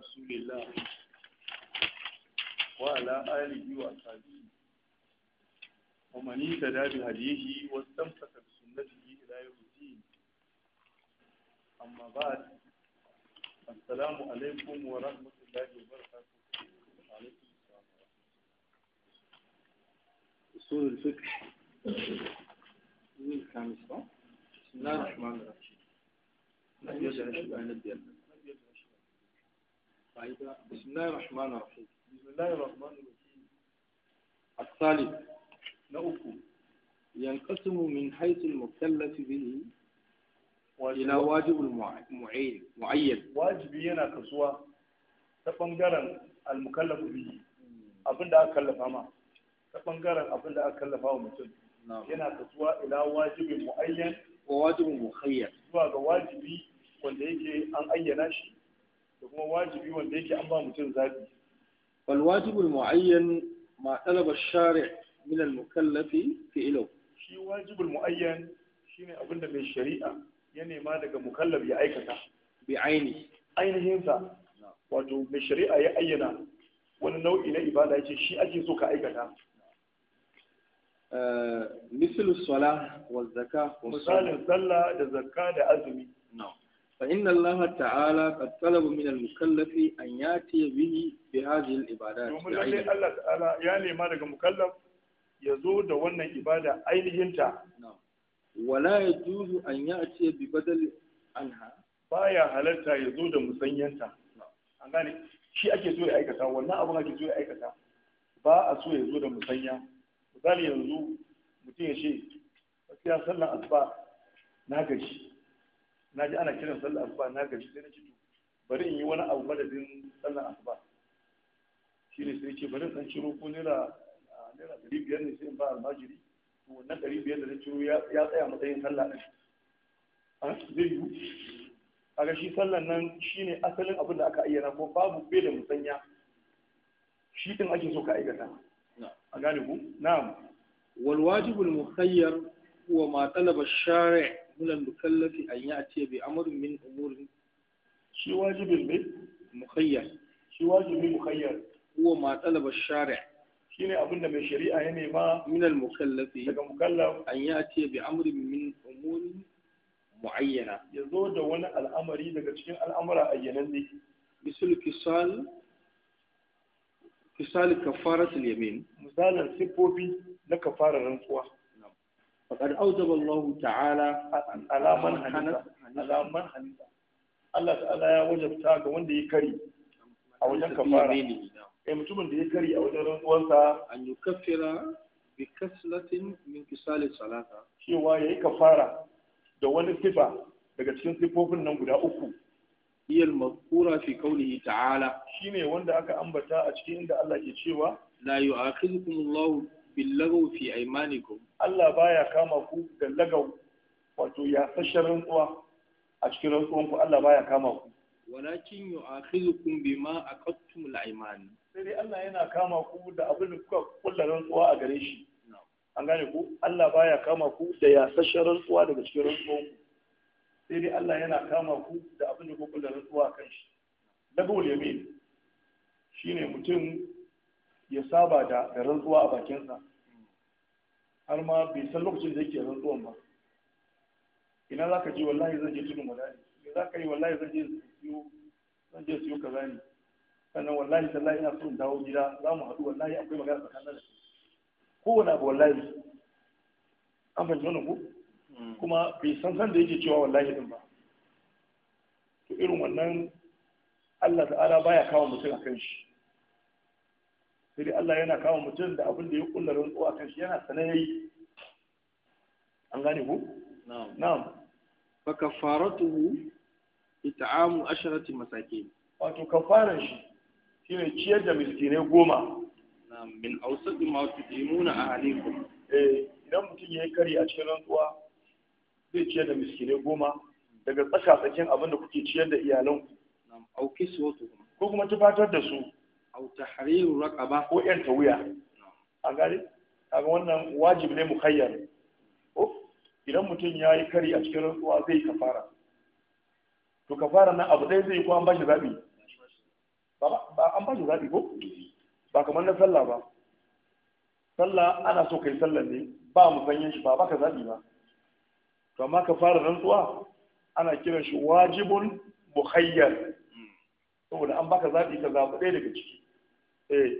رسول الله وعلى آله وصحبه ومن اهتدى بهديه واستمسك بسنته إلى يوم الدين أما بعد السلام عليكم ورحمة الله وبركاته وعليكم السلام ورحمة أصول الفقه الخامسة بسم الله الرحمن الرحيم بسم الله الرحمن الرحيم بسم الله الرحمن الرحيم الثالث نأكل ينقسم من حيث المكلف به ila wajibul mu'ayyin mu'ayyan wajibi yana kasuwa ta bangaren almukallafu bihi abinda aka kallafa ta bangaren abinda aka kallafa mutum yana kasuwa ila wajibin mu'ayyan wa wajibin mukhayyar zuwa ga wajibi wanda yake an ayyana shi da kuma wajibi wanda yake an ba mutum zabi wal wajibul muayyan ma talaba shari' min al mukallafi fi'lu shi wajibul muayyan shine abinda mai shari'a ya nema daga mukallaf ya aikata bi aini ainihin sa wato mai shari'a ya ayyana wani nau'i na ibada ya ce shi ake so ka aikata eh, misalu sala wa zaka misalin sallah da zakka da azumi فإن الله تعالى قد طلب من المكلف أن يأتي به بهذه العبادات الله تعالى يعني ما لك مكلف يزود وانا عبادة أين انت ولا يجوز أن يأتي ببدل عنها baya halarta ya zo da musanyanta an gane shi ake so ya aikata wannan abin ake so ya aikata ba a so ya zo da musanya misali yanzu mutum ya ce gaskiya sallan asuba na gaji na ji ana kiran sallar asuba na gaji sai na ji to bari in yi wani abu madadin sallar asuba shi ne sai ce bari san ciro ko naira naira dari biyar ne sai in ba almajiri to wannan dari biyar da na ciro ya tsaya matsayin sallah ɗin zai yiwu kaga shi sallar nan shi ne asalin abin da aka ayyana ko babu bai da musanya shi din ake so ka aikata a gane ku na'am wal wajibul mukhayyar wa ma talaba shari'a minal mukallafi an ya ce bai amurin min umurin shi wajibin ne mukhayyar shi wajibin mukhayyar huwa matsala ba shari Shi ne abinda mai shari'a ya nema minal mukallafi daga mukallaf an ya ce bai amurin min umurin muayyana ya zo da wani al'amari daga cikin al'amura ayyanan ne misal kisal kisal kafaratul yamin misalan siffofi na kafarar rantsuwa faƙar auzaba Allah ta'ala alaman hanifa alaman hanifa Allah ta'ala ya wajabta ga wanda ya kari a wajen kafara eh mutumin da ya kari a wajen rantsuwarsa an yukaffira bi kaslatin min kisali salata cewa yayi kafara da wani sifa daga cikin sifofin nan guda uku هي المذكورة في قوله تعالى شيني وندا أكا أنبتا أشكين دا الله يتشيوا لا يؤاخذكم الله billagaw fi aymanikum Allah baya kama ku da lagau wato ya sashar rantsuwa a cikin rantsuwan ku Allah baya kama ku walakin yu'akhidhukum bima aqadtum al-ayman sai dai Allah yana kama ku da abin da kuka kulla rantsuwa a gare shi an gane ku Allah baya kama ku da ya sashar rantsuwa daga cikin rantsuwan ku sai dai Allah yana kama ku da abin da kuka kulla rantsuwa kan shi lagau yamin shine mutum ya saba da rantsuwa a bakinsa har ma bai san lokacin da yake rantsuwan ba ina za ka je wallahi zan je tudu madani me za ka yi wallahi zan je siyo zan je siyo kaza ne sannan wallahi tallahi ina so in dawo gida za mu haɗu wallahi akwai magana tsakanin da kowane abu wallahi an fahimci wannan ku? Hmm. kuma bai san san da yake cewa wallahi din ba to irin wannan Allah ta'ala baya kawo mutum a kan shi sai dai Allah yana kama mutum da abin da ya kulla rantsuwa kan shi yana sanan yayi an gane ku na'am na'am fa kafaratuhu it'amu asharati masakin wato kafaran shi shine ciyar da miskinai goma na'am min awsati ma tudimuna halinku. eh idan mutum yayi kari a cikin rantsuwa zai ciyar da miskinai goma daga tsaka tsakin abin da kuke ciyar da iyalanku na'am auki su ko kuma tufatar da su au tahriru raqaba ko yan wuya. a gare kaga wannan wajibi ne mukhayyar oh, idan mutum ya yi kari a cikin rantsuwa zai kafara to kafara nan abu ɗaya zai yi ko an bashi zaɓi ba an bashi zaɓi ko ba kamar na sallah ba sallah ana so kai sallah ne ba mu sanyin shi ba baka zaɓi ba to amma kafara rantsuwa ana kiran shi wajibun mukhayyar hmm. saboda an baka zaɓi ka zaɓi ɗaya daga ciki eh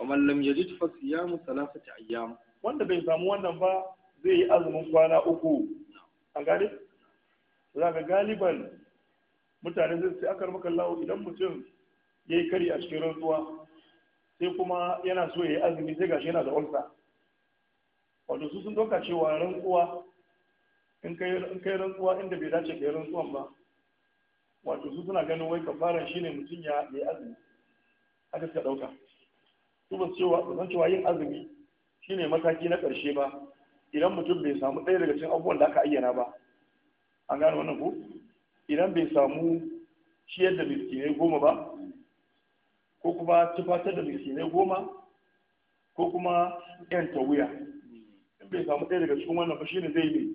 amma lam yajid fa siyamu thalathati ayyam wanda bai samu wannan ba zai yi azumin kwana uku an gane za galiban mutane zai sai akar maka lawo idan mutum ya yi kari a cikin rantsuwa sai kuma yana so ya yi azumi sai gashi yana da ulsa wato su sun ɗauka cewa rantsuwa in kai rantsuwa inda bai dace kai rantsuwan ba wato su suna ganin wai kafaran shine mutum ya yi azumi haka suka ɗauka su ba san cewa yin azumi shine mataki na ƙarshe ba idan mutum bai samu ɗaya daga cikin abubuwan da aka ayyana ba an gane wannan ko idan bai samu ciyar da miskinai goma ba ko kuma tufatar da miskinai goma ko kuma yanta wuya in bai samu ɗaya daga cikin wannan ba shine zai ne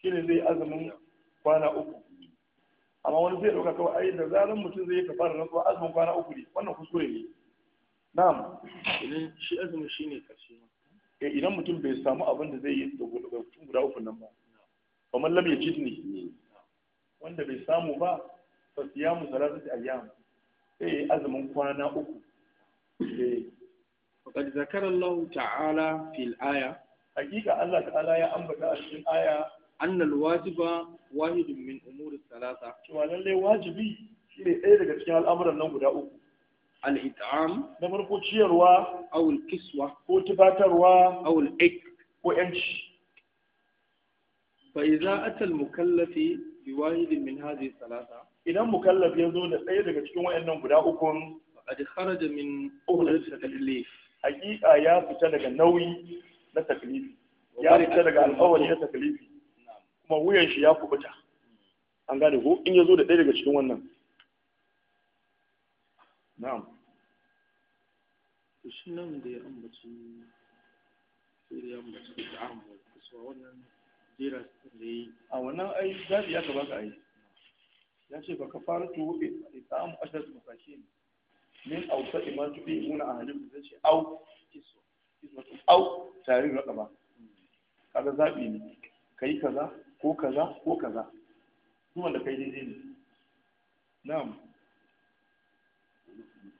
shine zai azumin kwana uku amma wani zai ɗauka kawai ai da mutum zai yi kafara na azumin kwana uku ne wannan kuskure ne na'am idan shi azumi shine karshe eh idan mutum bai samu abin da zai yi da mutum guda uku nan ba fa man lam yajidni wanda bai samu ba ba fa siyamu da ayyam sai azumin kwana uku eh faqad zakara Allah ta'ala fil aya hakika Allah ta'ala ya ambata a cikin aya annal wajiba wahidun min umuri salasa cewa lallai wajibi shine ɗaya daga cikin al'amuran nan guda uku al-it'am na farko ciyarwa aw al ko tufatarwa aw al-ik ko yanci fa za a al-mukallafi bi wahidin min hadhihi thalatha idan mukallaf ya zo da ɗaya daga cikin wayannan guda ukun, a faqad kharaja min uhlat at-taklif Hakika ya fita daga nauyi na taklifi ya fita daga alƙawari na taklifi kuma wuyan shi ya kubuta an gane ko in ya zo da ɗaya daga cikin wannan na'am shi nan da ya ambaci sai ya ambaci da ahmad kasuwa wannan jera da yi a wannan ai zabi ya ka baka ai ya ce baka fara tuwo ita amu ashar masakin min auta iman tuɗi muna a halin da ce au au tare da ba kaga zaɓi ne kai kaza ko kaza ko kaza duk wanda kai daidai ne na'am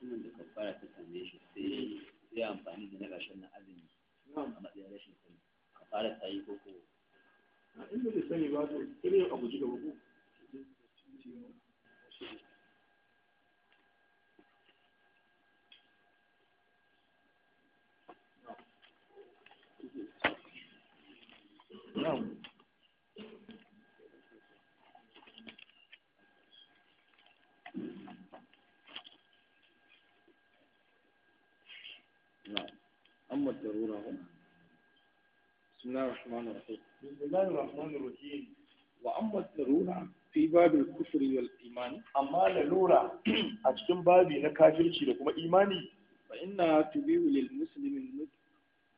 sunan da kafara ta same shi sai ya amfani da na ƙarshen na azumi a matsayin rashin sani kafara ta yi koko a inda da sani ba to irin a guji gaba ko Yeah. أما الضرورة هم بسم الله الرحمن الرحيم بسم الله الرحمن الرحيم وأما الضرورة في باب الكفر والإيمان أما للورة أجتم بابي نكافر لكم إيماني فإنها تبيع للمسلم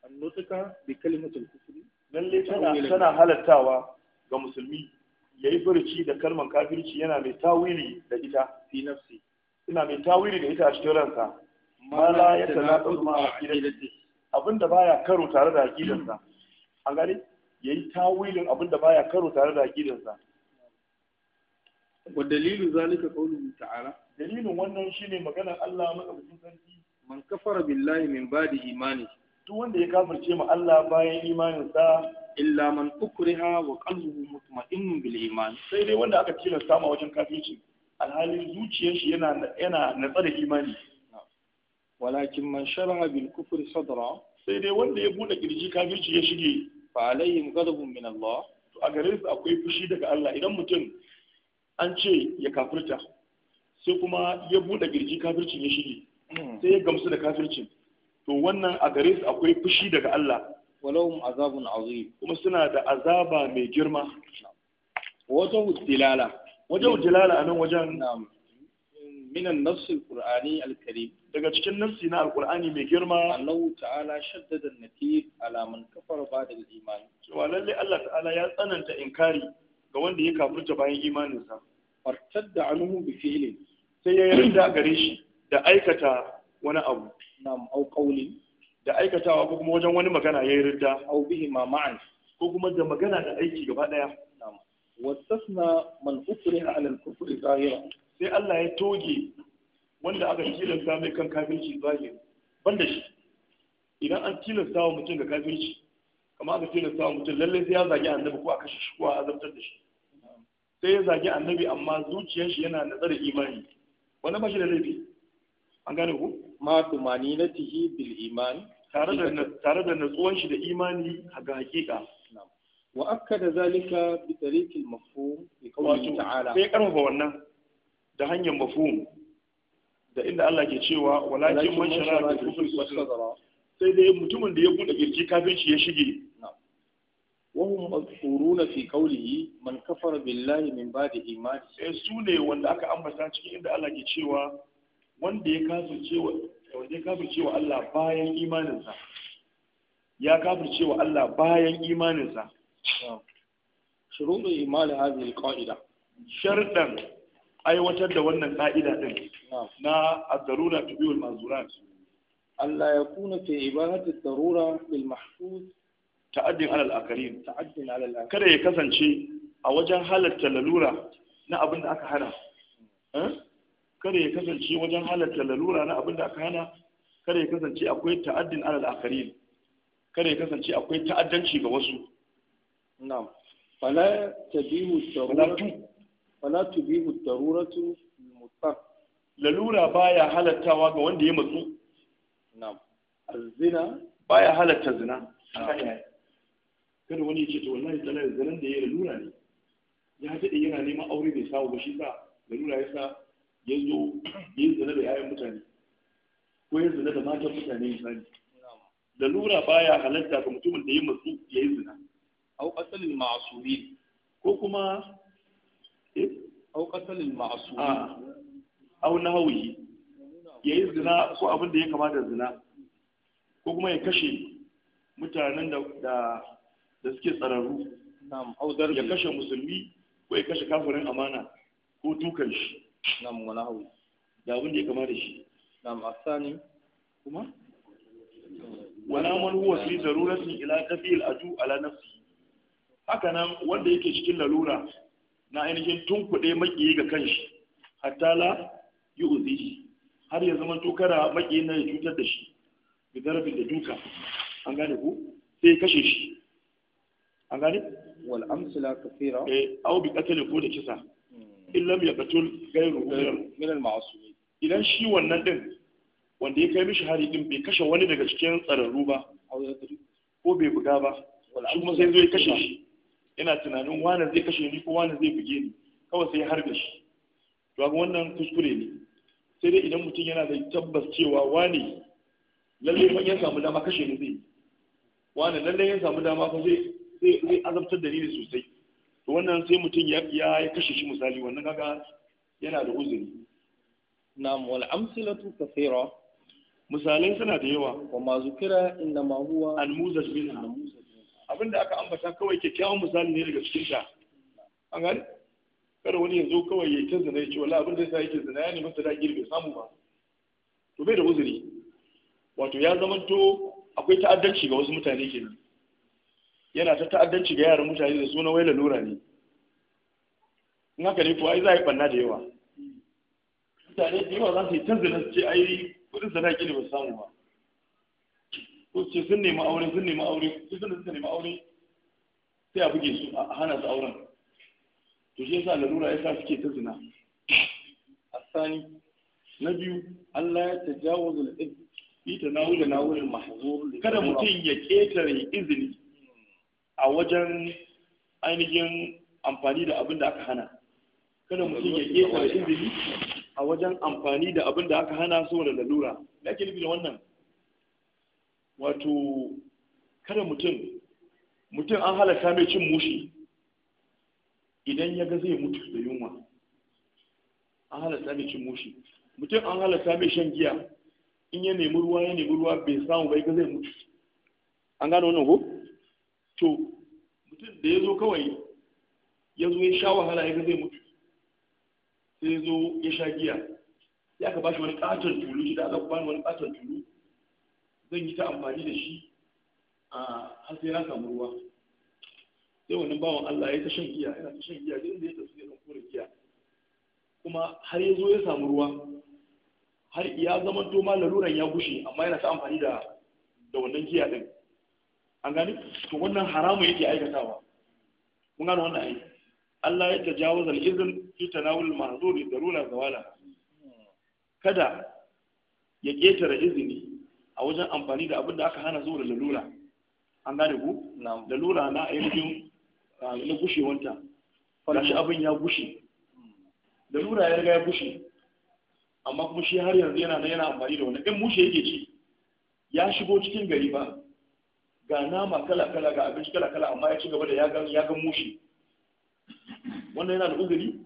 النطق بكلمة الكفر من tana tana هل التاوى musulmi ya yi furuci da kalmar kafirci yana mai tawili da ita fi nafsi ina mai tawili da ita a cikin ransa mala ya tana tsoma a kidati abinda baya karo tare da aqidarsa an gane yayi tawilin abinda baya karo tare da aqidarsa wa dalilu zalika qawluhu ta'ala dalilin wannan shine maganar Allah madaukakin sarki man kafara billahi min ba'di imani to wanda ya kafirce ma Allah bayan imaninsa illa man ukriha wa qalbuhu mutma'innun bil iman sai dai wanda aka tilasta ma wajen kafirci alhalin zuciyarsa yana yana natsar da imani walakin man sharaha bil kufri sadra sai dai wanda ya bude kirji kafirci ya shige fa alaihim ghadabun min Allah to a gare su akwai fushi daga Allah idan mutum an ce ya kafirta sai kuma ya bude kirji kafircin ya shige hmm. sai ya gamsu da kafircin to wannan a gare su akwai fushi daga Allah walahum azabun azim kuma suna da azaba mai girma wajen dilala wajen dilala a nan wajen minan nassi qur'ani al-karim daga cikin nassi na al-qur'ani mai girma Allah ta'ala shaddada an-nakir ala man kafara ba'da al cewa lalle Allah ta'ala ya tsananta inkari ga wanda ya kafirta bayan imaninsa fartadda anhu bi fi'lin sai ya yarda gare shi da aikata wani abu nam au qawlin da aikatawa ko kuma wajen wani magana ya yarda au bihi ma ma'an ko kuma da magana da aiki gaba daya nam na man ukriha ala al-kufri zahira sai Allah ya toge wanda aka tilasta mai kan kafirci zahiri banda shi idan an tilasta wa mutum ga kafirci kama aka tilasta wa mutum lallai sai ya zagi annabi ko a kashe shi ko a azabtar da shi sai ya zagi annabi amma zuciyar shi yana nazar imani wannan ba shi da laifi an gane ku ma tumani na tihi bil imani tare da tare da natsuwan shi da imani ga hakika wa akkada zalika bi tariqil mafhum bi qawli ta'ala sai karfa wannan da hanyar mafhum da inda Allah ke cewa walakin man shara da kufri sai dai mutumin da ya bude girki kafin shi ya shige wahum mazkuruna fi qawlihi man kafara billahi min ba'di imani sai eh, su ne wanda aka ambata cikin inda Allah ke cewa wanda ya kafirce wa wanda ya kafirce wa Allah bayan imaninsa ya kafirce wa Allah bayan imaninsa shuruɗu imani hadhihi alqa'ida shartan aiwatar da wannan ka'ida din na ad-darura tubiul manzurat Allah ya kuna fi ibadati darura bil mahfuz ta'addin alal akarin ta'addin alal akarin kada ya kasance a wajen halatta lalura na abin da aka hana eh? kada ya kasance wajen halatta lalura na abin da aka hana kada ya kasance akwai ta'addin alal akarin kada ya kasance akwai ta'addanci ga wasu na'am fala tabihu darura fala tubihu daruratu mutar lalura baya halattawa ga wanda ya matsu na'am azina baya halatta zina ah, kada wani ya ce to wallahi tsala zanen da ya lalura ne ya daɗe yana neman aure bai samu ba shi sa lalura ya sa ya zo ya zina da yayan mutane ko ya zina da matan mutane misali lalura baya halatta ga mutumin da ya matsu ya yi zina au asalin ma'asuri ko kuma Eh? au qatalil ma'sum ah. au nahawi yayi zina ko abin da ya kamata zina ko kuma ya kashe mutanen da da suke tsararru ya kashe musulmi ko ya kashe kafirin amana ko dukan shi nam wala hawi da abin da ya kamata shi nam asani kuma wala man huwa fi daruratin ila qatil adu ala nafsi haka nan wanda yake cikin lalura na ainihin tunkuɗe maƙiyi ga kanshi hatta la yu'zihi har ya zama to kada maƙiyi na ya cutar da shi bi zarafin da duka an gane ku sai ya kashe shi an gane wal amsala kathira eh aw bi qatl ko da kisa in lam yaqtul ghayru min al ma'sumin idan shi wannan din wanda ya kai mishi hari din bai kashe wani daga cikin tsararru ba ko bai buga ba shi kuma sai zo ya kashe shi yana tunanin wani zai kashe ni ko wani zai buge ni kawai sai ya harbe shi to ga wannan kuskure ne sai dai idan mutum yana da tabbas cewa wani lalle ban ya samu dama kashe ni zai wani lalle ya samu dama ko zai zai azabtar da ni ne sosai to wannan sai mutum ya ya kashe shi misali wannan kaga yana da uzuri na'am wal amsilatu kathira misalai suna da yawa wa ma zukira inna ma huwa al-muzaj minha abinda aka ambata kawai kyakkyawan misali ne daga cikin sha. an gani kada wani yanzu kawai ya ta zina ya ce wala abinda ya yake zina ya masu sadaki bai samu ba to bai da uzuri wato ya zamanto akwai ta'addanci ga wasu mutane kenan yana ta ta'addanci ga yaran mutane da suna waila lura ne in haka ne kuwa ai za a yi banna da yawa mutane da yawa za su yi ta zina su ce ai kudin sadaki ne ba samu ba so ce sun nemi aure sun nemi aure sun sun suka nemi aure sai a buge su a hana su auren to shi yasa lalura yasa suke ta zina asani na biyu Allah ya tajawuzu ita na fi na nawul mahzur kada mutum ya ketare izini a wajen ainihin amfani da abin da aka hana kada mutum ya ketare izini a wajen amfani da abin da aka hana saboda lalura da ake nufi da wannan wato kada mutum mutum an halaka mai cin mushi idan ya ga zai mutu da yunwa an halaka mai cin mushi mutum an halaka mai shan giya in ya nemi ruwa ya nemi ruwa bai samu bai ga zai mutu an gano wannan ko to mutum da ya zo kawai ya zo ya sha wahala ya ga zai mutu sai ya zo ya sha giya ya ka bashi wani katon tulu shi da aka bani wani katon tulu zan yi ta amfani da shi a har sai na samu ruwa sai wannan bawan Allah ya ta shan giya yana ta shan giya duk da ya tafi ya kore giya kuma har ya zo ya samu ruwa har ya zama to ma laluran ya gushe amma yana ta amfani da da wannan giya din an gani to wannan haramu yake aikatawa mun gano wannan aiki Allah ya tajawaza al-izn fi tanawul mahzuri darura zawala kada ya ketare izini a wajen amfani da abin da aka hana da lalura an gane ku lalura na ainihin ah, na gushewanta shi abin ya gushe lalura ya riga ya gushe amma kuma shi har yanzu yana na yana amfani da wani, in mushe yake ci ya shigo cikin gari ba ga nama kala kala ga abinci kala kala amma ya ci gaba da ya ga ya ga mushe wannan yana da uzuri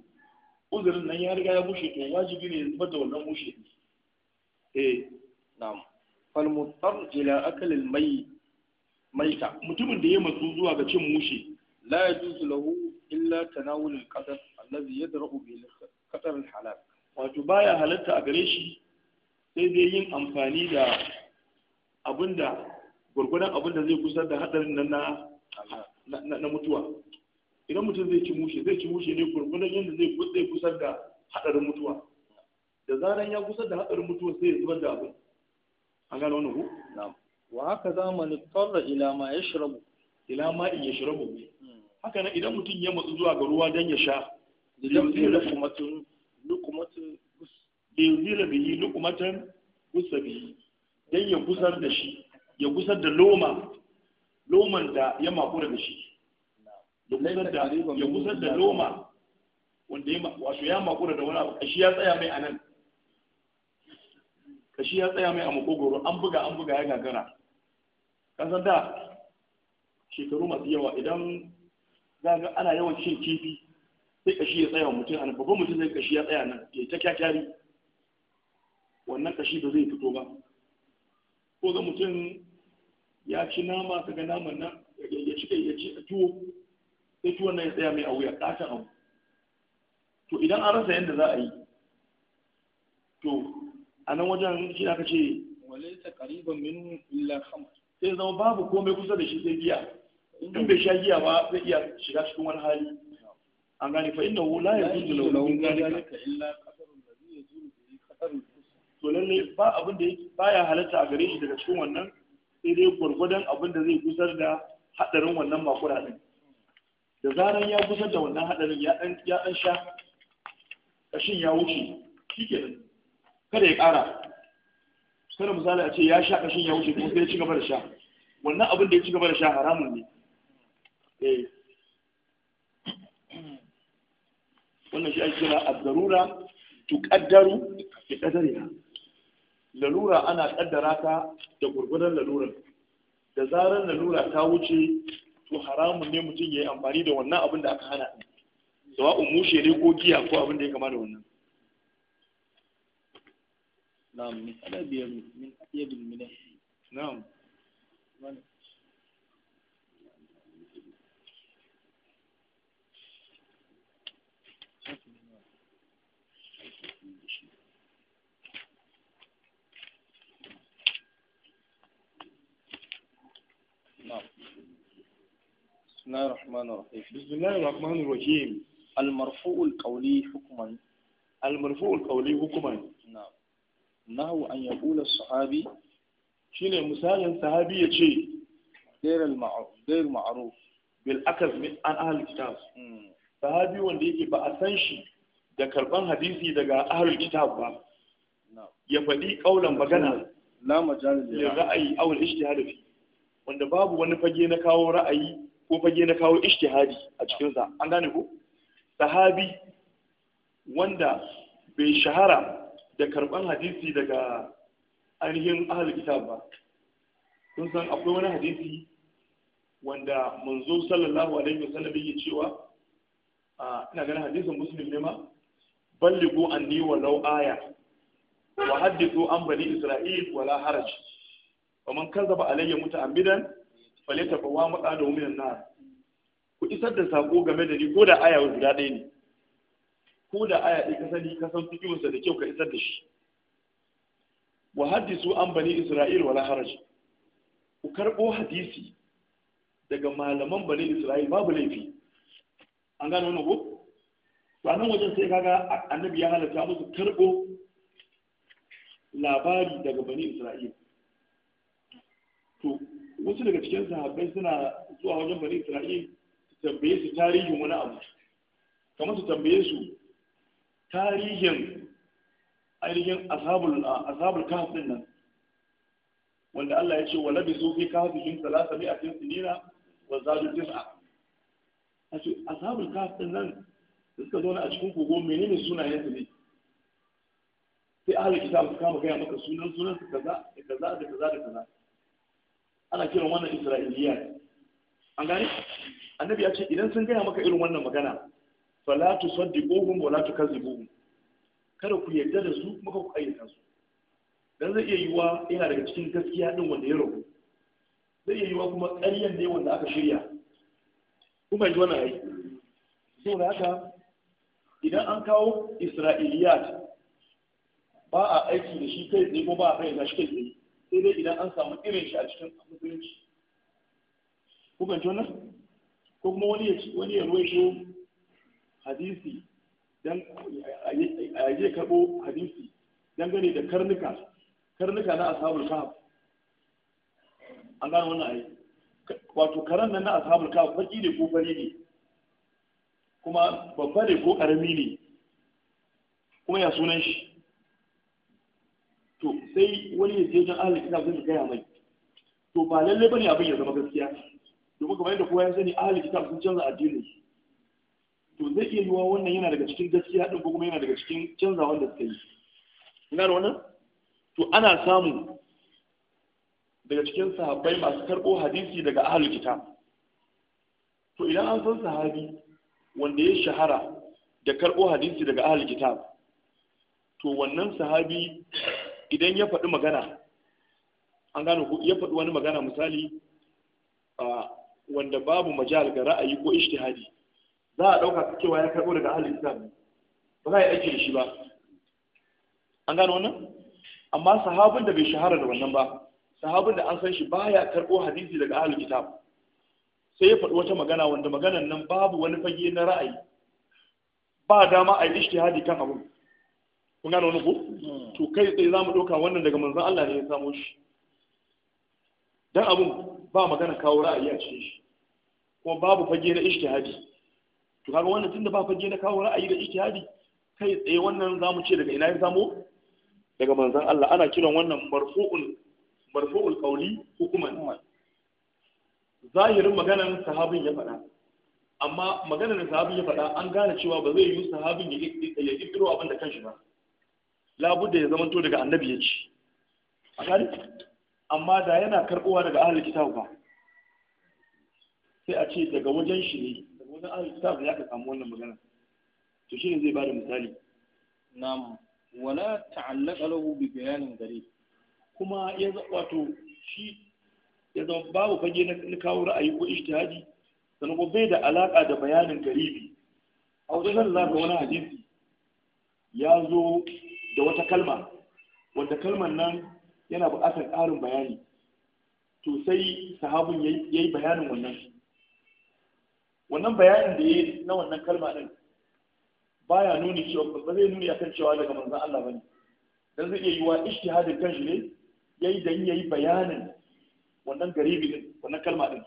uzurin nan ya riga ya bushe to wajibi ne ya zubar da wannan mushe eh na'am falmutsar ila akalil mai maita mutumin da ya matsu zuwa ga cin mushe la yajuzu lahu illa tanawulul qadar allazi yadra'u bil qadar al halal wato baya halatta a gare shi sai dai yin amfani da abinda gurgurdan abinda zai kusa da hadarin nan na na mutuwa idan mutum zai ci mushe zai ci mushe ne gwargwadon yadda zai zai kusa da hadarin mutuwa da zaran ya kusa da hadarin mutuwa sai ya zubar da abin an gano wannan ku na'am wa haka zamani tarra ila ma yashrabu ila ma in yashrabu haka nan idan mutum ya matsu zuwa ga ruwa don ya sha yuzila lukumatun lukumatun yuzila bihi lukumatan gusabi dan ya gusar da shi ya gusar da loma loman da ya makura da shi ya gusar da loma wanda ya wato ya makura da wani abu shi ya tsaya mai anan shi ya tsaya mai a makogoro an buga an buga ya gagara kasan da shekaru masu yawa idan zaga ana yawan cin kifi sai kashi ya tsaya wa mutum ana babban mutum zai kashi ya tsaya nan ya ta kyakyari wannan kashi ba zai fito ba ko ga mutum ya ci nama ka ga naman nan ya ci ya ci a tuwo sai tuwon nan ya tsaya mai a wuya ƙaton abu to idan an rasa yadda za a yi to a nan wajen shi aka ce walaita qariban min illa khamr sai zama babu komai kusa da shi sai giya in bai sha giya ba zai iya shiga cikin wani hali an gane fa inna la yajidu lahu min dhalika illa qadarun ladhi yajidu bihi qadarun to lalle ba abin da baya halatta a gare shi daga cikin wannan sai dai gurgudan abin da zai gusar da hadarin wannan makura din da zaran ya gusar da wannan hadarin ya dan sha kashin ya wuce shikenan kada ya ƙara kada misali a ce ya sha kashin ya wuce kuma sai ya ci gaba da sha wannan abin da ya ci gaba da sha haramun ne eh. wannan shi ake kira ad-darura tuqaddaru bi qadariha lalura ana kaddara ta da gurgurdan Lalura. da zarar lalura ta wuce to haramun ne mutum ya yi amfani da wannan abin da aka hana din sawa'un mushe ne ko giya ko abin da ya kama da wannan نعم من أدب من أطيب المنح نعم. نعم بسم الله الرحمن الرحيم بسم الله الرحمن الرحيم المرفوع القولي حكما المرفوع القولي حكما نعم nahu an ya kula sahabi ne misalin sahabi ya ce gair ma'aruf bil akas min an ahal kitab hmm. sahabi wanda yake ba a san shi da karban hadisi daga ahal kitab ba ya faɗi ƙaunar magana la majalil ya ra'ayi aw al-ijtihad fi wanda babu wani fage na kawo ra'ayi ko fage na kawo ijtihadi a cikin sa an gane ko sahabi wanda bai shahara da karban hadisi daga ainihin ahal kitab ba kun san akwai wani hadisi wanda manzo sallallahu alaihi wasallam yake cewa ina ganin hadisin muslim ne ma ballighu anni wa aya wa haddithu an bani isra'il wala haraj wa man kazzaba alayya muta'ammidan falyatabawa maqadahu domin nar ku isar da sako game da ni ko da aya guda ɗaya ne ko da aya ɗaya ka kasan ka san fikihunsa da kyau ka isar da shi wa hadisu an bani isra'il wala haraj ku karɓo hadisi daga malaman bani isra'il babu laifi an gano wani ko ba nan wajen sai kaga annabi ya halatta musu karɓo labari daga bani isra'il to wasu daga cikin sahabbai suna zuwa wajen bani isra'il su tambaye su tarihin wani abu kamar su tambaye su tarihin ainihin asabul kafin nan wanda Allah ya ce wa labisu fi kahfihim salasa cikin sinina wa zadu tis'a A ce asabul kafin nan suka zauna a cikin kogo menene sunayen su ne sai ahli kitab su kama gaya maka sunan sunan su kaza da kaza da kaza da kaza ana kiran wannan isra'iliya an gani annabi ya ce idan sun gaya maka irin wannan magana fala tusaddiquhum wala tukazzibuhum kada ku yarda da su maka ku ayyana su dan zai iya yiwa yana daga cikin gaskiya din wanda ya rabu zai iya yiwa kuma ƙaryan ne wanda aka shirya kuma ji wannan ai da haka idan an kawo isra'iliyat ba a aiki da shi kai tsaye ko ba a kai da shi kai tsaye sai dai idan an samu irin shi a cikin musulunci kuma ji wannan ko kuma wani ya wani ya ruwaito hadisi dan aje karbo hadisi dangane da karnuka karnuka na ashabul kahf an gano wannan ayi wato karan nan na ashabul kahf faki ne ko fari ne kuma babba ne ko karami ne kuma ya sunan shi to sai wani ya je wajen ahalin kitab zai gaya mai to ba lalle bane abin ya zama gaskiya domin kamar yadda kowa ya sani ahalin kitab sun canza addinin to zai iya yiwuwa wannan yana daga cikin gaskiya din ko kuma yana daga cikin canza wanda suka yi ina da wannan to ana samu daga cikin sahabbai masu karɓo hadisi daga ahal kitab to idan an san sahabi wanda ya shahara da karɓo hadisi daga ahal kitab to wannan sahabi idan ya faɗi magana an gano ya faɗi wani magana misali wanda babu majal ga ra'ayi ko hadi. za a ɗauka su cewa ya karɓo daga ahalin islam ba za a yi aiki da shi ba an gano wannan amma sahabin da bai shahara da wannan ba sahabin da an san shi baya karɓo hadisi daga ahalin kitab sai ya faɗi wata magana wanda maganan nan babu wani fage na ra'ayi ba dama a yi ishtihadi kan abu kun gano wani ko hmm. to kai tsaye za mu ɗauka wannan daga manzon Allah ne ya samo shi dan abun ba magana kawo ra'ayi a cikin shi kuma babu fage na ishtihadi to kaga wannan tunda ba fage na kawo ra'ayi da ijtihadi kai tsaye wannan zamu ce daga ina ya samo daga manzon Allah ana kiran wannan marfu'ul marfu'ul qawli hukuman zahirin maganar sahabin ya faɗa amma maganar da sahabin ya faɗa an gane cewa ba zai yi sahabin ya kiro abin da kanshi ba labudda ya zamanto daga annabi ya ci a gani amma da yana karɓowa daga ahalin kitab ba sai a ce daga wajen shi ne wajen ahlul kitab ya ka samu wannan magana to shi ne zai ba da misali na'am wala ta'allaqa lahu bi bayanin gare. kuma ya wato shi ya zama babu fage na kawo ra'ayi ko ijtihadi sannan ko bai da alaka da bayanin garibi a wajen nan za ka wani hadisi ya zo da wata kalma wanda kalmar nan yana buƙatar ƙarin bayani to sai sahabun ya yi bayanin wannan wannan bayanin da yayi na wannan kalma din baya nuni cewa ba zai nuni akan cewa daga manzon Allah bane dan zai iya yiwa kan kanshi ne yayi ya yayi bayanin wannan garibi din wannan kalma din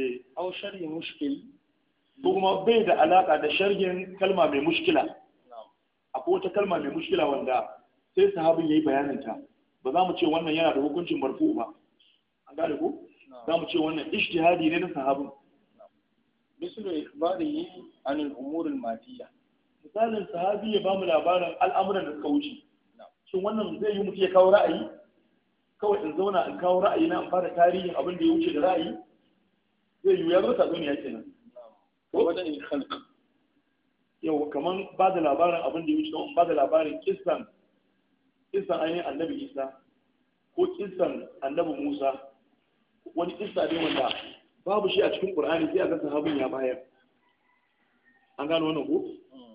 eh aw sharhi mushkil ko kuma bai da alaka da sharhin kalma mai mushkila akwai wata kalma mai mushkila wanda sai sahabin yayi bayanin ta ba za mu ce wannan yana da hukuncin marfu ba an gane ko za mu ce wannan ishtihadi ne na sahabin mislu ikhbarihi an al-umur al-madiyya misalin sahabi ya bamu labarin al'amuran da suka wuce shin wannan zai yi mutu ya kawo ra'ayi kawai in zauna in kawo ra'ayi na in fara tarihin abin da ya wuce da ra'ayi zai yi ya zo ta duniya kenan wajen in khalq yau kaman ba da labarin abin da ya wuce kaman ba da labarin kissan kissan ainihin annabi isa ko kissan annabi musa wani kissa ne wanda babu shi a cikin qur'ani sai aka sahabin ya bayar an gano wannan ko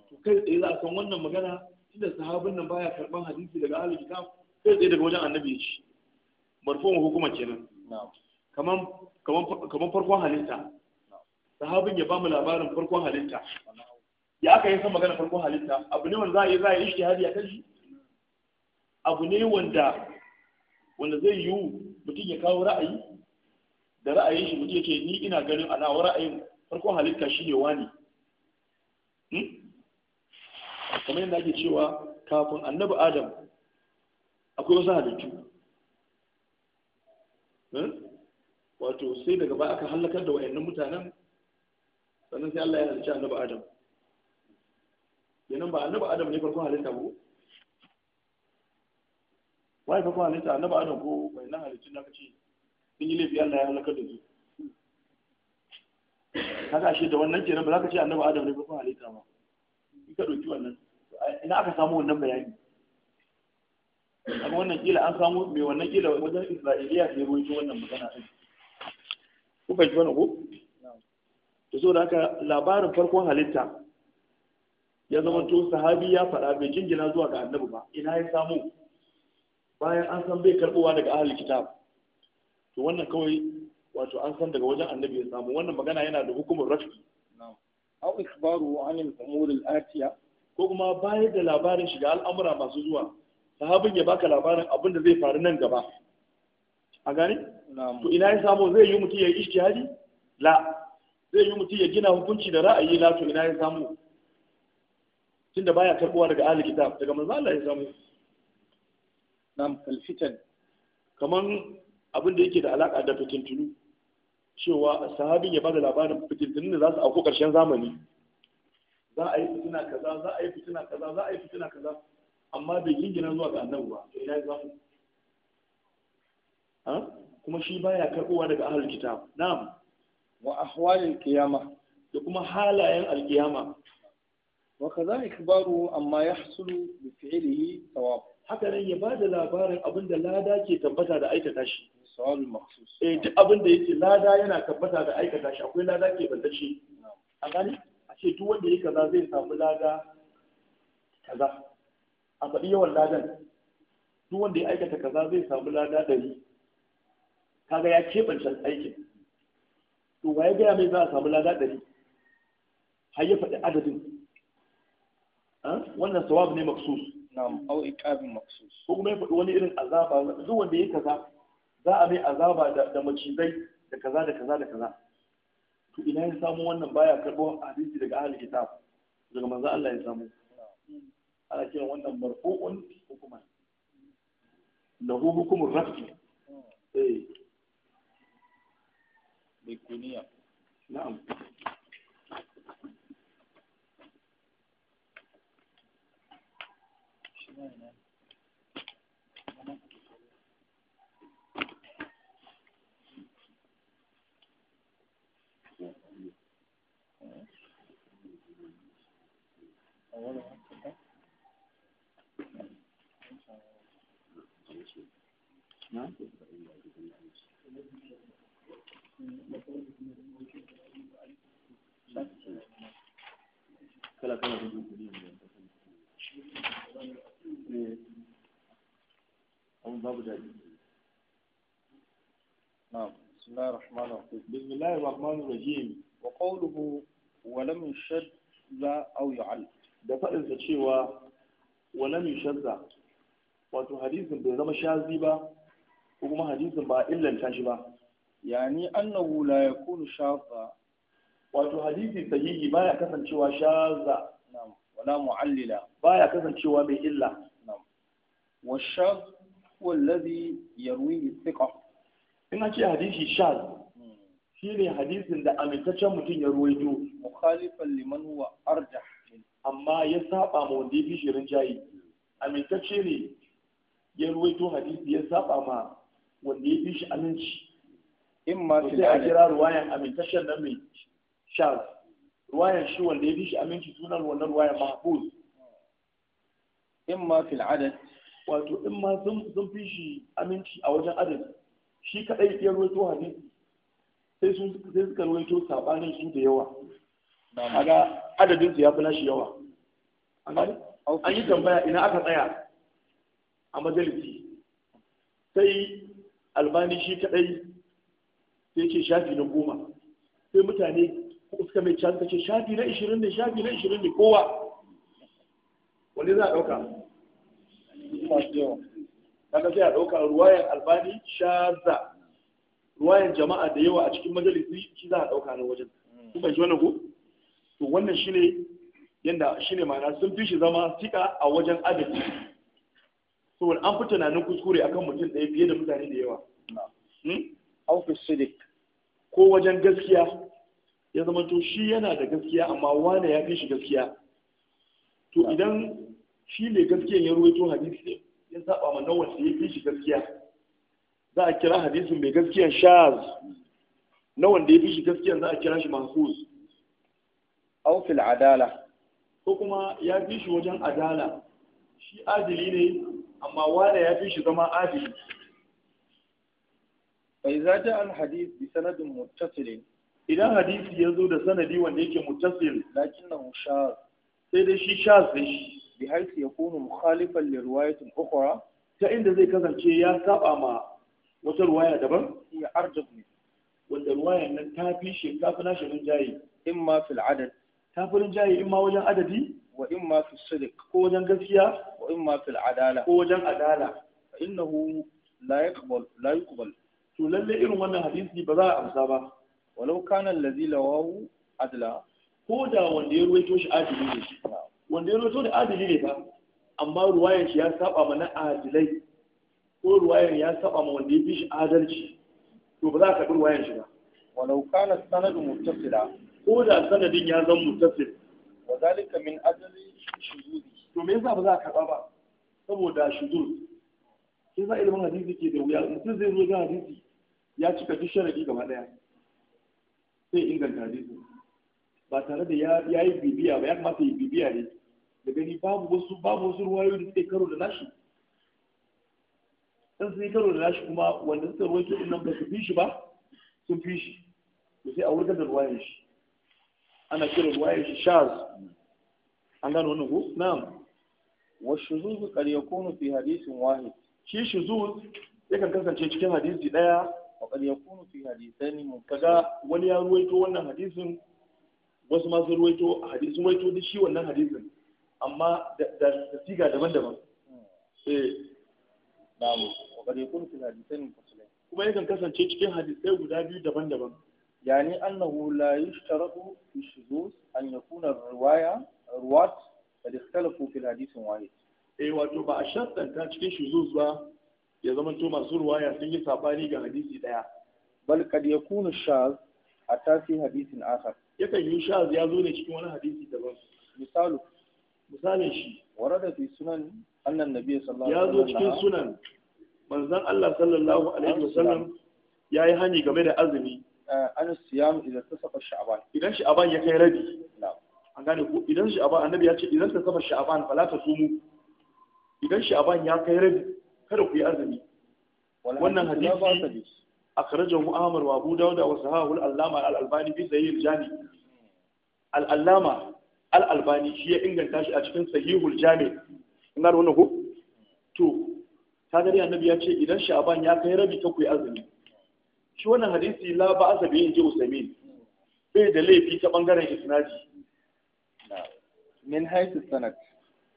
to kai tsaye za a san wannan magana inda sahabin nan baya karban hadisi daga ahlul kitab kai tsaye daga wajen annabi shi marfu'un hukuma kenan kaman kaman kaman farkon halitta sahabin ya ba mu labarin farkon halitta ya aka yi san magana farkon halitta abu ne wanda za a yi za a yi ishtihadi a kan shi abu ne wanda wanda zai yiwu mutum ya kawo ra'ayi da ra'ayin shi mutum yake ni ina ganin ana wa ra'ayin farkon halitta shi ne wani hmm? kamar yadda ake cewa kafin annabi adam akwai wasu halittu hmm? wato sai daga ba aka hallakar da wayannan mutanen sannan sai Allah ya halicci annabi adam yanan ba annabi adam ne farkon halitta ko wani farkon halitta annabi adam ko wayannan halittun da aka ce sun yi laifi Allah ya halakar da su kaga shi da wannan kenan ba za ka ce annabi Adam ne ba kuma halitta ba in ka dauki wannan ina aka samu wannan bayani amma wannan kila an samu mai wannan kila wajen Isra'iliya ne ruwan wannan magana din ku fahimci wannan ko to so da haka labarin farkon halitta ya zama to sahabi ya faɗa bai jingina zuwa ga annabi ba ina ya samu bayan an san bai karɓowa daga ahli kitab to wannan kawai wato an san daga wajen annabi ya samu wannan magana yana da hukumar rafi au ikbaru anil umur al atiya ko kuma bayar da labarin shiga al'amura masu zuwa sahabin ya baka labarin abin da zai faru nan gaba a gani to ina ya samu zai yi mutum ya yi ishtihadi la zai yi mutum ya gina hukunci da ra'ayi la to ina ya samu tunda baya karbuwa daga ahli kitab daga manzo Allah ya samu nam kalfitan fitan kaman abin da yake da alaka da fitintunu cewa sahabin ya bada labarin fitintunun da za su auku ƙarshen zamani za a yi fitina kaza za a yi fitina kaza za a yi fitina kaza amma bai gingina zuwa ga annabi ba ina kuma shi baya karɓowa daga ahlul kitab na'am wa ahwalil kiyama. da kuma halayen alkiyama wa kadhalika baru amma yahsulu bi fi'lihi thawab haka nan ya bada labarin abinda lada ke tabbata da aikata shi as-sawab eh duk abin da yake lada yana tabbata da aikata shi akwai lada ke bantace a gani a ce duk wanda yake kaza zai samu lada kaza a faɗi yawan ladan duk wanda ya aikata kaza zai samu lada ɗari kaga ya keɓance aikin to waye gaya mai za a samu lada ɗari har ya faɗi adadin ah, wannan sawab ne maksus na'am au iqabin maksus ko kuma ya faɗi wani irin azaba duk wanda ya kaza za a mai azaba da macizai da kaza da kaza da kaza to ina ya samu wannan baya karbo hadisi daga ahli kitab daga manzo Allah ya samu ana kiran wannan marfu'un hukuman lahu hukumur rafi eh kuniya na'am Yeah, yeah. نعم بسم الله الرحمن الرحيم بسم الله الرحمن الرحيم وقوله ولم يشد أو يعل da faɗinsa cewa walami shazza wato hadisin bai zama shazi ba ko kuma hadisin ba illanta shi ba yani annahu la yakunu shafa. wato hadisi sahihi baya kasancewa shazza na'am wala mu'allila baya kasancewa mai illa na'am wa shaz huwa alladhi yarwihi thiqa ina ce hadisi shaz hmm. shine hadisin da amintaccen mutum ya ruwaito mukhalifan liman huwa arjah amma ya saba ma wanda ya fi shirin jayi amintacce ne ya ruwaito hadisi ya saba ma wanda ya fi shi aminci in ma sai a kira ruwayan amintaccen nan mai shaz ruwayan shi wanda ya fi shi aminci sunan wannan ruwayan mahfuz in ma fil adad wato in ma sun fi shi aminci a wajen adad shi kadai ya ruwaito hadisi sai sun sai suka ruwaito sabanin su da yawa aga adadin su ya fi nashi yawa an yi tambaya ina aka tsaya a majalisi sai albani shi kadai sai ce shafi na goma sai mutane suka mai can ce shafi na ishirin ne shafi na ishirin ne kowa wani za a ɗauka kaga sai a ɗauka ruwayan albani shaza ruwayan jama'a da yawa a cikin majalisi shi za a ɗauka na wajen kuma shi wannan ko to wannan shine yanda shine ma'ana sun fi shi zama sika a wajen adadi saboda an fi tunanin kuskure akan mutum ɗaya fiye da mutane da yawa hmm? ko wajen gaskiya ya zama to shi yana da gaskiya amma wane ya fi shi gaskiya to idan shi ne gaskiyan ya ruwaito hadisi ya saba ma nawa ya fi shi gaskiya za a kira hadisin mai gaskiyan shaz na wanda ya fi shi gaskiya za a kira shi mahfuz aw fil adala ko kuma ya fi shi wajen adala shi adili ne amma wanda ya fi shi zama adili fa idza jaa al hadith bi sanadin muttasil idan hadisi ya zo da sanadi wanda yake muttasil lakinnahu shaz sai dai shi shaz ne shi bi haythu yakunu mukhalifan li riwayatin ukhra ta inda zai kasance ya saba ma wata ruwaya daban ya arjab ne wanda nan ta fi imma fil ta furin jaye in ma wajen adadi wa in ma fi sadiq ko wajen gaskiya wa in ma fi adala ko wajen adala fa innahu la yaqbal la yuqbal to lalle irin wannan hadisi ba za a amsa ba walau kana allazi lawahu adla ko da wanda ya ruwaito shi adili ne shi wanda ya ruwaito da adili ne ba amma ruwayan shi ya saba ma na adilai ko ruwayan ya saba ma wanda ya fi shi adalci to ba za a karɓi ruwayan shi ba walau kana sanadu muttasila ko da sanadin ya zan mutasil wa min ajali shuzuri to me yasa ba za ka karba ba saboda shuzur shi za ilimin hadisi ke da wuya mutum zai zo ga hadisi ya cika duk sharadi gaba daya sai inganta hadisi ba tare da ya yi bibiya ba ya kamata yi bibiya ne da gani babu wasu babu wasu ruwayoyi da suke karo da nashi Ɗan sun yi karo da nashi kuma wanda suka ruwaito din nan ba su fi shi ba sun fi shi sai a wurgar da ruwayan shi ana kiran waye shi shaz an gano wannan ko na'am wa shuzuz qad yakunu fi hadithin wahid shi shuzuz yakan kasance cikin hadisi daya wa qad yakunu fi hadisani kaga wani ya ruwaito wannan hadisin wasu ma sun ruwaito hadisin ruwaito da shi wannan hadisin amma da siga daban-daban hmm. eh na'am wa qad yakunu fi hadisain mutasilin kuma yakan kasance cikin hadisai guda biyu daban-daban Yani أنه لا يشترط في الشذوذ أن يكون الرواية رواة قد اختلفوا في الحديث واحد eh wato ba a shartanta cikin shuzuz ba ya zama masu ruwaya sun yi sabani ga hadisi daya bal kad yakunu shaz hatta fi hadisin akhar yakan yi shaz ya zo ne cikin wani hadisi daban misalu misalin shi ya zo cikin sunan manzon Allah sallallahu alaihi wasallam yayi hani game da azumi an siyam idan ta saba sha'aban idan sha'aban ya kai rabi an gane ku idan sha'aban annabi ya ce idan ta saba sha'aban fala ta sumu idan sha'aban ya kai rabi kada ku yi azumi wannan hadisi akhrajahu Ahmad wa Abu Dawud wa sahahu al-Allama al-Albani bi sahih al-Jami al-Allama al-Albani shi ya inganta shi a cikin sahihul Jami ina da wannan ko to kaga dai annabi ya ce idan sha'aban ya kai rabi ta ku yi azumi shi wannan hadisi la ba asa bi inji usamin bai da laifi ta bangaren isnadi min haythu sanad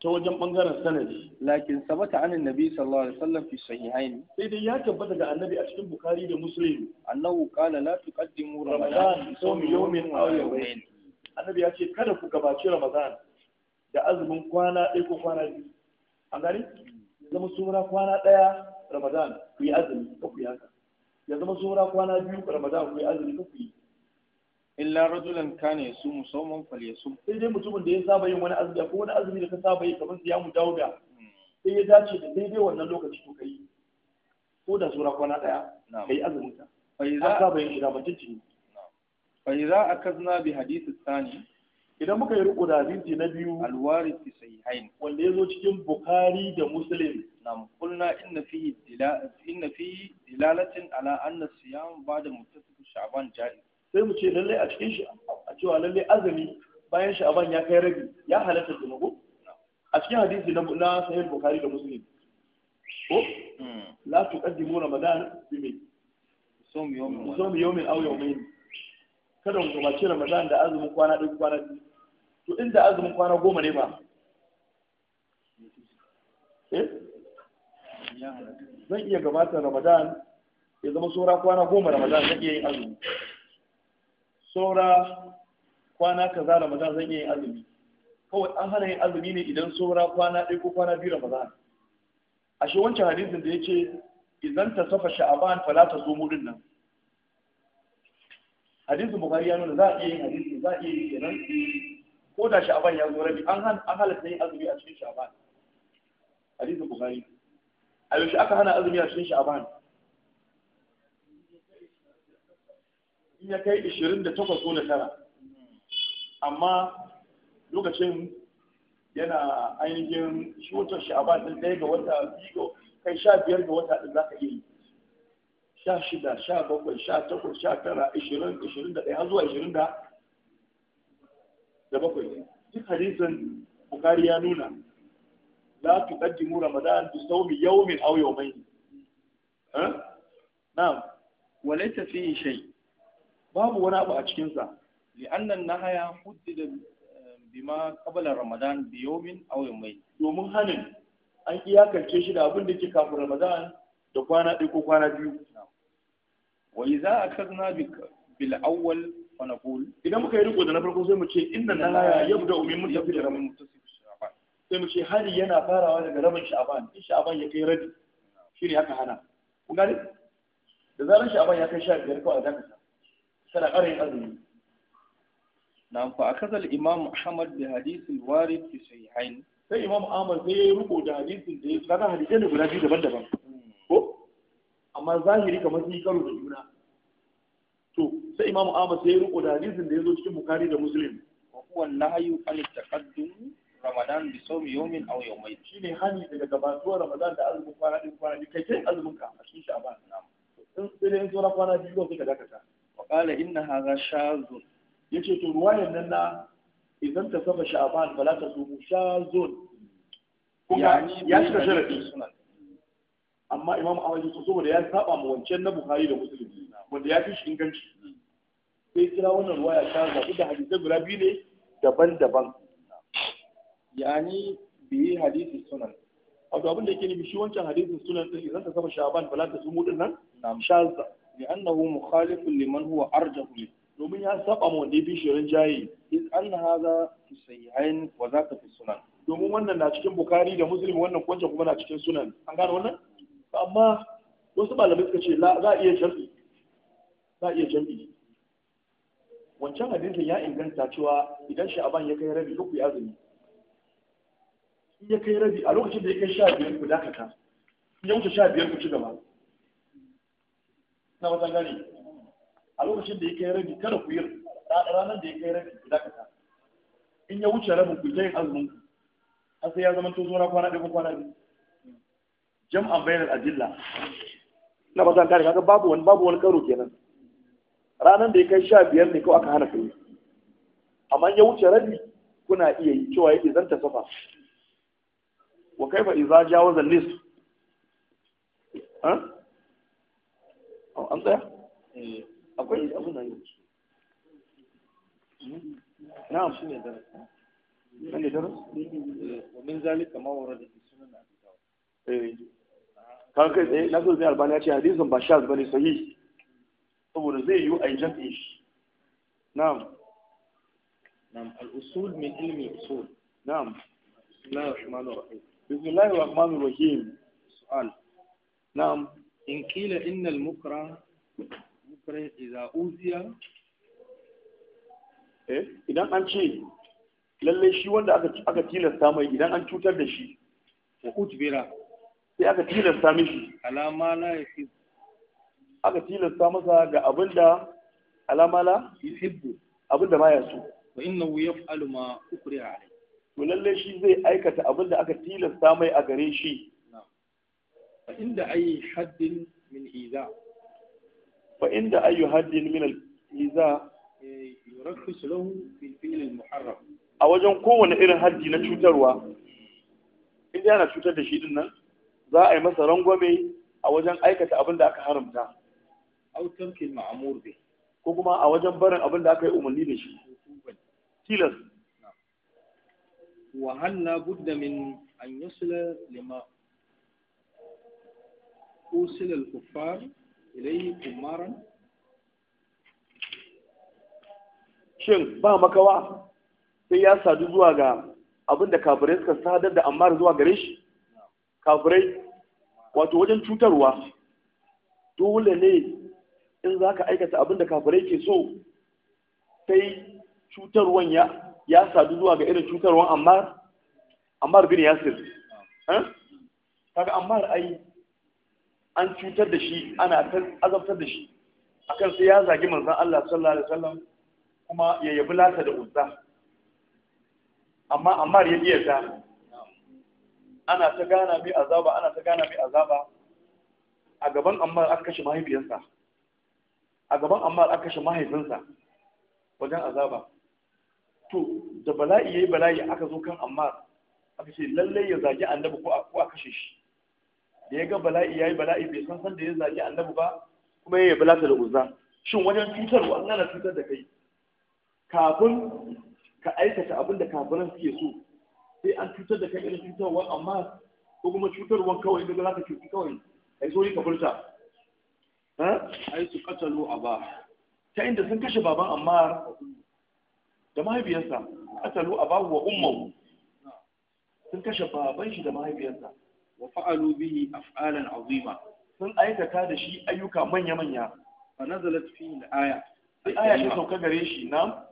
ta wajen bangaren sanadi lakin sabata anan nabi sallallahu alaihi wasallam fi sahihain sai dai ya tabbata ga annabi a cikin bukhari da muslim annahu qala la tuqaddimu ramadan sawm yawmin aw yawmayn annabi ya ce kada ku gabaci ramadan da azumin kwana ɗaya ko kwana biyu an gani hmm. zama sura kwana ɗaya ramadan ku yi azumi ko ku yi haka ya zama saura kwana biyu ramadan ku yi azumi ku yi illa rajulan kana yasum sawman falyasum sai dai mutumin da ya saba yin wani azumi ko wani azumi da ka saba yi kamar ya mu dauda sai ya dace da daidai wannan lokaci to kai ko da sura kwana daya kai azumi ka fa idza saba yin shida mutun cini fa idza akazna bi hadith tsani idan muka yi ruku da hadisi na biyu alwarith sahihain wanda yazo cikin bukhari da muslim نعم قلنا إن فيه دلالة إن فيه دلالة على أن الصيام بعد منتصف شعبان جائز sai mu ce lallai a cikin shi a cewa lallai azumi bayan sha'aban ya kai rabi ya halatta da a cikin hadisi na na sahih bukhari da muslim ko hmm. la tuqaddimu ramadan bi mai sum yawmin sum yawmin aw yawmayn kada mu gabace ramadan da azumin kwana ɗaya kwana biyu to inda azumin kwana goma ne ba eh zan iya gabatar ramadan ya zama saura kwana goma ramadan zan iya yin azumi saura kwana kaza ramadan zan iya yin azumi kawai an hana yin azumi ne idan saura kwana ɗaya ko kwana biyu ramadan ashe wancan hadisin da ya ce idan ta safa sha'aban fala ta zo mudun nan hadisin bukhari ya nuna za a iya yin hadisin za a iya yin kenan ko da sha'aban ya zo rabi an halatta yin azumi a cikin sha'aban hadisin bukhari a yaushe aka hana azumi a cikin sha'aban in ya kai 28 ko da tara amma lokacin yana ainihin shi watan sha'aban din ɗaya ga wata biyu kai sha biyar ga wata din za ka yi sha shida sha bakwai sha takwas sha tara ishirin ishirin da ɗaya har zuwa ishirin da bakwai duk hadisin bukari ya nuna la tuqaddimu ramadan bi sawmi yawmin aw yawmayn na'am wa laysa fihi shay babu wani abu a cikin sa li'anna an-nahaya huddida bima qabla ramadan bi yawmin aw yawmayn domin hanin an iyakance shi da abin da ke kafin ramadan da kwana ɗaya ko kwana biyu wa idza akhadna bil awwal fa naqul idan muka yi riko da na farko sai mu ce inna an-nahaya yabda'u min mutasil sai mu ce hari yana farawa daga rabin sha'aban in sha'aban ya kai rabi shi ne haka hana kun gane da zarar sha'aban ya kai sha biyar kawai a dakata tana ƙarin yin azumi na fa akazal imam ahmad bi hadithil warid fi sahihain sai imam ahmad sai yayi rubo da hadisin da ya kaga hadisai da guda biyu daban-daban ko amma zahiri kamar sun yi karo da juna to sai imam ahmad sai ya rubo da hadisin da ya zo cikin bukhari da muslim wa huwa nahyu an taqaddum Ramadan bi sawmi yawmin mai. Shi ne hani daga gabatuwa Ramadan da azumin kwana biyu kwana biyu kai kai azumin ka a cikin Sha'ban namu sai dai in zo kwana biyu ko sai ka dakata wa qala inna hadha shazun yace to ruwayan nan na idan ta saba Sha'ban fala ta mu shazun kuma ya shiga sharadi amma Imam Ahmad ya saboda ya saba mu wancan na Bukhari da Muslim wanda ya fi shi inganci sai kira wannan ruwaya shazun da hadisai guda biyu ne daban-daban yani bi hadisi sunan wato abin da yake nufi shi wancan hadisi sunan din idan ka saba shaban bala ta sumu din nan shazza li annahu mukhalifun liman huwa arjahu li domin ya saba mu ne bi shirin jayi in anna hadha fi sahihain wa zaka fi sunan domin wannan na cikin bukhari da muslim wannan kwanta kuma na cikin sunan an gano wannan amma wasu malamai suka ce za a iya jam'i za a iya jam'i wancan hadisin ya inganta cewa idan sha'aban ya kai rabi uku ya azumi in ya kai rabi a lokacin da ya kai sha biyar ku dakata in ya wuce sha biyar ku ci gaba na wata gani a lokacin da ya kai rabi kada ku yi ranar da ya kai rabi ku dakata in ya wuce rabin ku ta yin azumin ku har sai ya zama to na kwana ɗaya ko kwana biyu jam'an bayanar adilla na ba gani kare kaga babu wani babu wani karo kenan ranar da ya kai sha biyar ne ko aka hana kai amma ya wuce rabi kuna iya yi cewa yake zanta safa وكيف إذا جاوز النصف ها أنت يا إيه. أقول أقول نعم من يدرس من يدرس ومن ذلك ما ورد في السنة إيه. كان كذا إيه، نقول في ألبانيا شيء حديث من بشار بن سعيد هو رزق يو أنجم إيش نعم نعم الأصول من علم الأصول نعم بسم الله الرحمن الرحيم bismillahir rahmanir rahim su'al na'am in qila innal mukra mukra idza uziya eh idan an ce lalle shi wanda aka aka tilasta mai idan an cutar da shi wa utbira sai aka tilasta mishi alama la yafi aka tilasta masa ga abinda alama la Abin abinda ba ya so wa innahu yaf'alu ma ukriha to lalle shi zai aikata abin da aka tilasta mai a gare shi fa inda ayi haddin min iza fa inda ayi haddin min al iza eh, yurakhisu lahu fil fi'l al muharram a wajen kowane irin haddi na cutarwa in yana cutar da shi din nan za a yi masa rangwame a wajen aikata abin da aka haramta au tamkin ma'mur bi ko kuma a wajen barin abin da aka yi umarni da shi tilas وهل لا بد من أن يصل لما أوصل الكفار إليه كمارا shin ba makawa sai ya sadu zuwa ga abin da kafirai suka sadar da amma zuwa gare shi kafirai wato wajen cutarwa dole ne in za ka aikata abin da kafirai ke so sai cutarwan ya ya sadu zuwa ga irin cutarwa ammar ammar bin yasir kaga ammar ai an cutar da shi ana azabtar da shi akan sai ya zagi manzon Allah sallallahu alaihi wasallam kuma ya yabi lata da uzza amma ammar ya iya ta ana ta gana mai azaba ana ta gana mai azaba a gaban ammar aka kashe mahaifiyarsa a gaban ammar aka kashe mahaifinsa wajen azaba to da bala'i yayi bala'i aka zo kan ammar aka ce lallai ya zagi annabi ko a kashe shi da ya ga bala'i yayi bala'i bai san san da ya zagi annabi ba kuma ya balata da uzza shin wajen cutarwa an ana cutar da kai kafin ka aikata abin da kafiran suke so sai an cutar da kai irin cutarwa amma ko kuma cutarwa kawai daga za ka cuci kawai ai so yi ka furta Ha? ai su katalo a ba ta inda sun kashe baban amma da mahaifiyarsa a abahu wa ummuhu sun kashe baban shi da mahaifiyarsa wa fa'alu bihi af'alan azima sun aikata da shi ayyuka manya manya fa nazalat fihi al-aya sai aya ta sauka gare shi na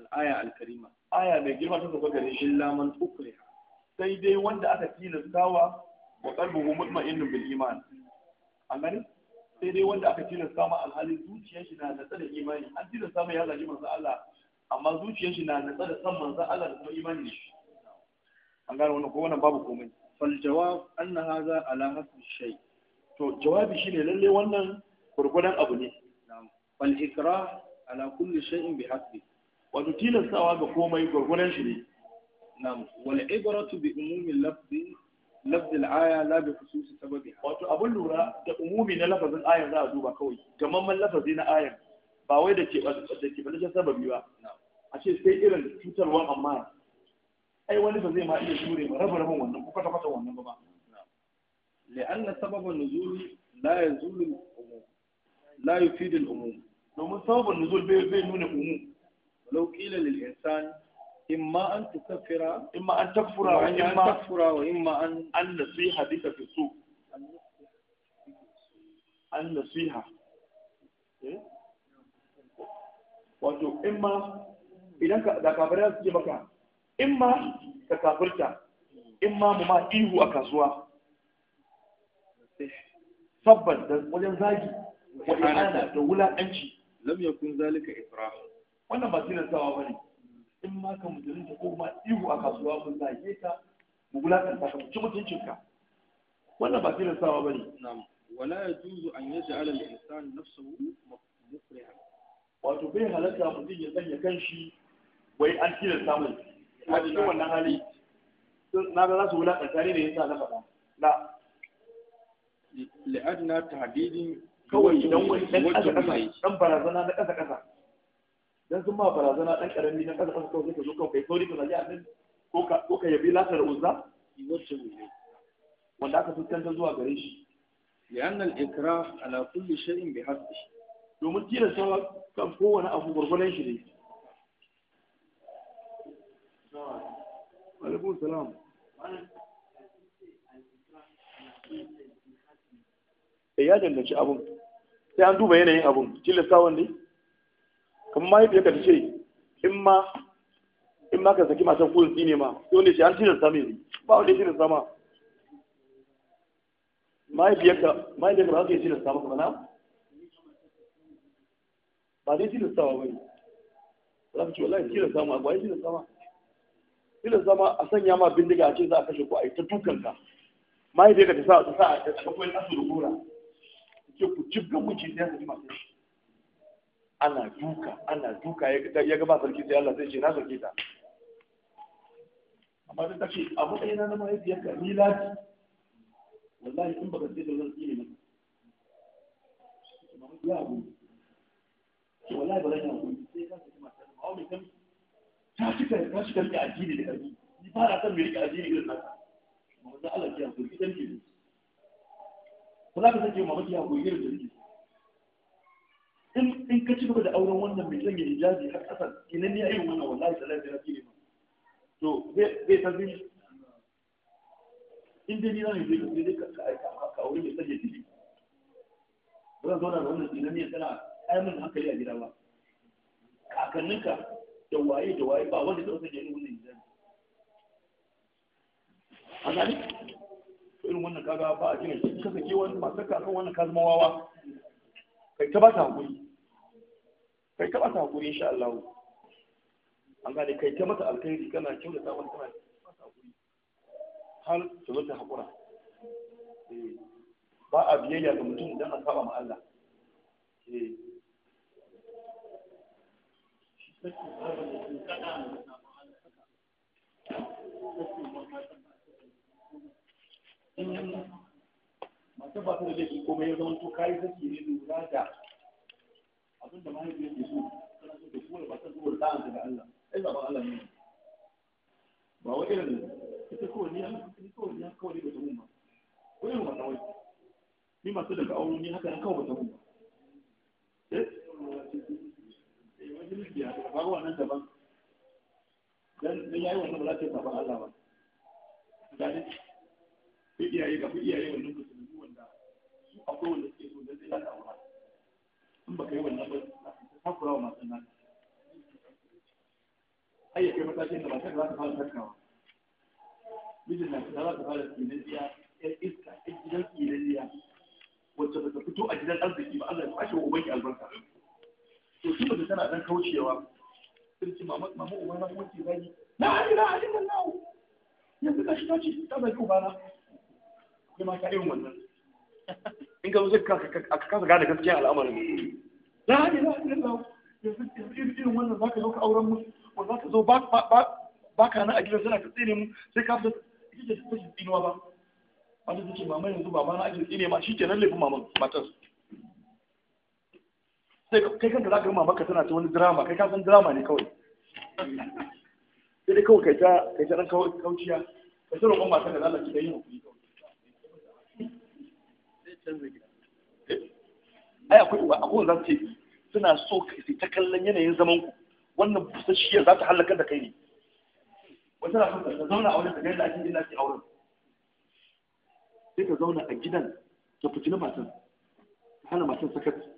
al-aya al-karima aya mai girma ta sauka gare shi illa man ukriha sai dai wanda aka tilastawa wa qalbuhu mutma'innun bil iman an gani sai dai wanda aka tilasta ma alhalin zuciyar shi na da tsare imani an tilasta mai ya zaji manzo Allah amma zuciyar shi na nutsa da san manzon Allah da kuma imani ne an gano wannan ko wannan babu komai fal jawab anna hadha ala hasbi shay to jawabi shine lalle wannan gurgudan abu ne fal ikrah ala kulli shay'in bi hasbi wato tilastawa ga komai gurgudan shi ne nam wal ibratu bi umumi lafzi lafzi al-aya la bi khususi sababi? wato abun lura da umumi na lafazin ayar za a duba kawai gamamman lafazi na ayar ba wai da ke da ke sababi ba na'am a ce sai irin cutarwan amma ai wani ba zai ma iya jure ba raba rabin wannan ko kwata kwata wannan ba ba لأن سبب النزول لا يزول الأمور لا يفيد الأمور domin sabon nuzul bai nuna umu walau kila lil insan imma an tukaffira imma an takfura wa imma an takfura wa imma an an nasiha bika fi su an nasiha wato imma idan ka da kafare su ji maka in ma ka kafirta in ma mu ma ihu a kasuwa sabban da wajen zagi wa ihana da wulaƙanci lam yakun zalika ifrah wannan ba sawa bane in ma ka mutunta ko ma ihu a kasuwa mun zage ka mu wulaƙanta ka mu ci mutuncinka wannan ba sawa bane na'am wala yajuzu an yaj'ala al-insan nafsuhu mukrihan wato bai halatta mutum ya sanya kanshi wai an tilasta samun a cikin wannan hali na ga za su wulaƙanta ne da yasa na faɗa la li'adna tahdidin kawai idan wani dan ƙasa ƙasa dan barazana na ƙasa ƙasa dan sun ma barazana dan ƙarami na ƙasa ƙasa kawai ka zo kawai sauri ka zaji annabi ko ka ko ka yabi latar uzza wacce ne wanda aka fuskanta zuwa gare shi li'anna al-ikrah ala kulli shay'in bi hasbi domin tilastawa kan kowane abu gurgurdan shi alaikun salam eh, ya danganci abun sai an duba yanayin abun tilastawan ne kamar mahaifiyar ka ta ce in ma in ma ka saki matan kurin tsine ma sai wanda ce an tilasta mai ne ba wani ya tilasta ma mahaifiyarka mahaifiyarka ba za ta iya tilasta maka ba na ba zai tilasta ba bai za ka ce wallahi tilasta ma ba ya tilasta ma ila zama a sanya ma bindiga a ce za a kashe ku a yi ta dukanka mahaifiyarka ta sa a sa ta tsaka kwai nasu da gora ke ku jibga muci sai ka ji masu shi ana duka ana duka ya gaba sarki sai Allah zai ce na sarki ta amma da take abu ɗaya na mahaifiyarka ni lati wallahi in baka sai da zan ya abu wallahi ba zan yi hakuri sai ka saki masu ba wani kan ta cika ta rike addini da ƙarfi ni fara san mai rike addini irin naka mamaki Allah ki hakuri idan ki ba za ka sake mamaki hakuri irin da nake in ka ci gaba da auren wannan mai sanya hijabi har kasar kinan ne irin wannan wallahi sallallahu alaihi wasallam to zai san zai in dai ni zan yi zai ka ka aika a aure mai sanya hijabi ba zan zauna da wannan kinan ne tana ai mun hankali a gida ba kakanninka da waye da waye ba wanda zai da irin wannan hijabi a gani irin wannan kaga ba a jina shi kasa ke wani masu kakan wannan ka zama wawa kai ta ba ta hakuri kai ta ba ta hakuri insha Allah an gane kai ta mata alkhairi kana kyautata wani kana har ta zo ta hakura eh. ba a biyayya ga mutum idan a saba ma Allah eh masu ba da laifi kuma ya zama to kayi zaki ne lura da abin da mahaifi yake so kana so ka kula ba ta zuwa da'an daga Allah ai zaban Allah ne ba wai irin ita kawai ni ni kawai ni kawai ba ta umma ko irin wannan wai ni masu daga aure ni haka nan kawai ba ta umma eh milkiya ba nan daban dan dan yayi wannan ba za ta saba Allah ba dan fi iyaye ga fi iyaye wannan musulmi wanda su akwai wanda suke so dan sai ya aura in baka yi wannan ba ta kura wa masu nan ai ya kai matakin da matar za ta fara takawa mijin na za ta fara tsinaniya yar iska yar gidan tsinaniya wacce ba ta fito a gidan arziki ba Allah ya kwashe wa ubanki albarka to su da tana dan kaucewa sun ce mama mama uba na kuma ce zagi na ali na ali na nawo yanzu ka shi ta ce ta zagi uba na kai ma ka irin wannan in ka zo ka kasa gane gaskiya al'amarin na ali na ali na nawo yanzu irin wannan zaka zo ka auren mu ko zaka zo ba ba ba ka na a gidan suna ka tsine mu sai ka fita kike ta tsinuwa ba wanda take mama yanzu baba na ajin tsine ma shikenan laifin maman matar sai kai kanka za ka gama maka tana ta wani drama kai ka san drama ne kawai sai dai kawai kai ta ɗan ta dan kauciya ka sai roƙon matan da lalata da yin eh? ai akwai uwa akwai za ce suna so kai ta kallon yanayin zaman ku wannan busasshiyar za ta halakar da kai ne wata na so ta zauna a wajen ta da ake ina ke auren sai ka zauna a gidan ta fitina matan hana matan sakat